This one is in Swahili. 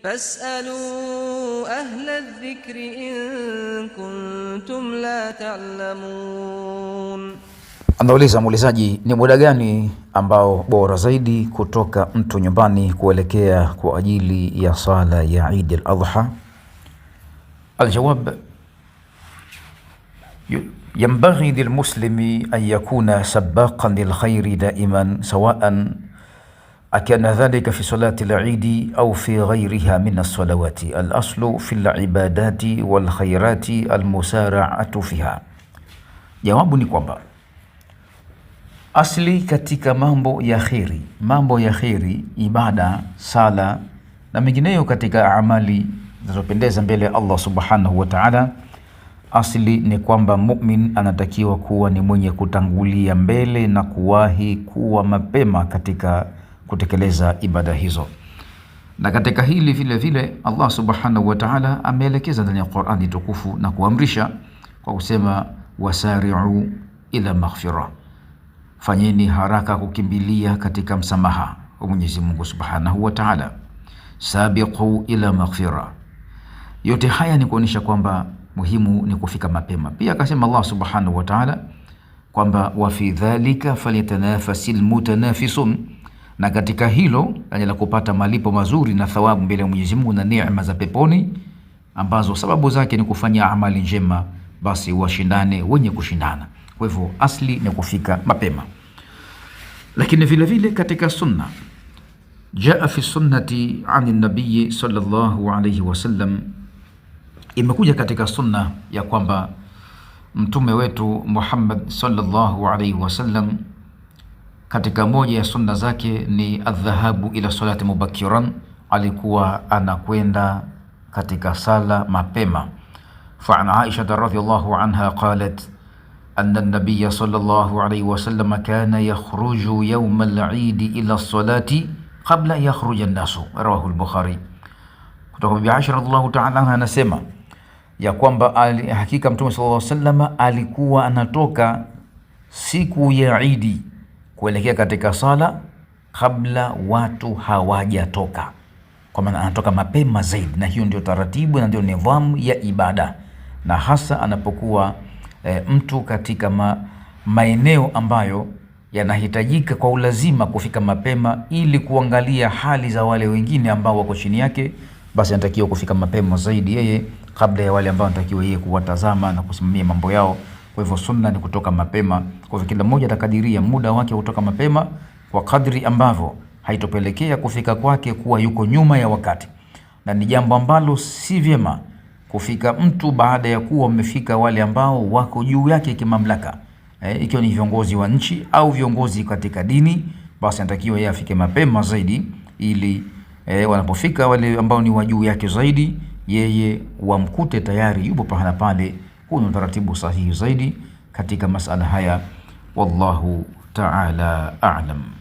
Fasalu ahla dhikri in kuntum la ta'lamun. Anauliza muulizaji, ni muda gani ambao bora zaidi kutoka mtu nyumbani kuelekea kwa ajili ya sala ya Eid al-Adha? Aljawab, yanbaghi lilmuslimi an yakuna sabaqan lilkhairi daiman sawaan akiana dhalika fi salati al au fi ghairiha min as-salawati al-aslu fi al-ibadati wal al-musara'atu fiha. Jawabu ni kwamba asli katika mambo ya kheri, mambo ya kheri, ibada, sala na mengineyo katika amali zinazopendeza mbele ya Allah subhanahu wa ta'ala, asli ni kwamba mumin anatakiwa kuwa ni mwenye kutangulia mbele na kuwahi kuwa mapema katika kutekeleza ibada hizo. Na katika hili vile vile Allah subhanahu wa ta'ala ameelekeza ndani ya Qur'ani tukufu na kuamrisha kwa kusema wasari'u ila maghfira, fanyeni haraka kukimbilia katika msamaha wa Mwenyezi Mungu subhanahu wa ta'ala. Sabiqu ila maghfira, yote haya ni kuonyesha kwamba muhimu ni kufika mapema. Pia akasema Allah subhanahu wa ta'ala kwamba wa fi dhalika falitanafasil mutanafisun na katika hilo laja la kupata malipo mazuri na thawabu mbele ya Mwenyezi Mungu na neema za peponi ambazo sababu zake ni kufanya amali njema, basi washindane wenye kushindana. Kwa hivyo asli ni kufika mapema, lakini vile vile katika sunna, jaa fi sunnati an nabii sallallahu alayhi wasallam, imekuja katika sunna ya kwamba mtume wetu Muhammad sallallahu alayhi wasallam katika moja ya sunna zake ni adhahabu ila salati mubakiran, alikuwa anakwenda katika sala mapema. Fa an Aisha radhiyallahu anha qalat anna an-nabiy sallallahu alayhi wa sallam kana yakhruju yawm al-eid ila salati qabla yakhruja an-nasu, rawahu al-Bukhari. Kutoka Bibi Aisha radhiyallahu ta'ala anha anasema ya kwamba hakika Mtume sallallahu alayhi wa sallam alikuwa anatoka siku ya Eid kuelekea katika sala kabla watu hawajatoka, kwa maana anatoka mapema zaidi, na hiyo ndio taratibu na ndio nidhamu ya ibada, na hasa anapokuwa e, mtu katika ma, maeneo ambayo yanahitajika kwa ulazima kufika mapema ili kuangalia hali za wale wengine ambao wako chini yake, basi anatakiwa kufika mapema zaidi yeye kabla ya wale ambao anatakiwa yeye kuwatazama na kusimamia mambo yao. Kwa hivyo sunna ni kutoka mapema. Kwa hivyo kila mmoja atakadiria muda wake kutoka mapema kwa kadri ambavyo haitopelekea kufika kwake kuwa yuko nyuma ya wakati, na ni jambo ambalo si vyema kufika mtu baada ya kuwa wamefika wale ambao wako juu yake kimamlaka, e, ikiwa ni viongozi wa nchi au viongozi katika dini, basi anatakiwa yeye afike mapema zaidi ili e, wanapofika wale ambao ni wa juu yake zaidi, yeye wamkute tayari yupo pahala pale huu ni utaratibu sahihi zaidi katika masala haya, wallahu ta'ala a'lam.